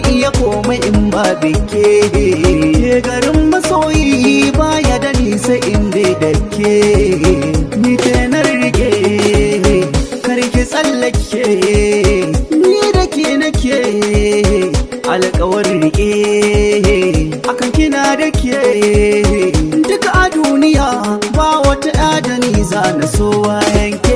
iya komai in ba bike ke garin masoyi baya da nisa in dai da ke ni tenar rike karki tsallake ni da ke nake alkawar rike akan kina da ke duka a duniya ba wata adani za na so yanke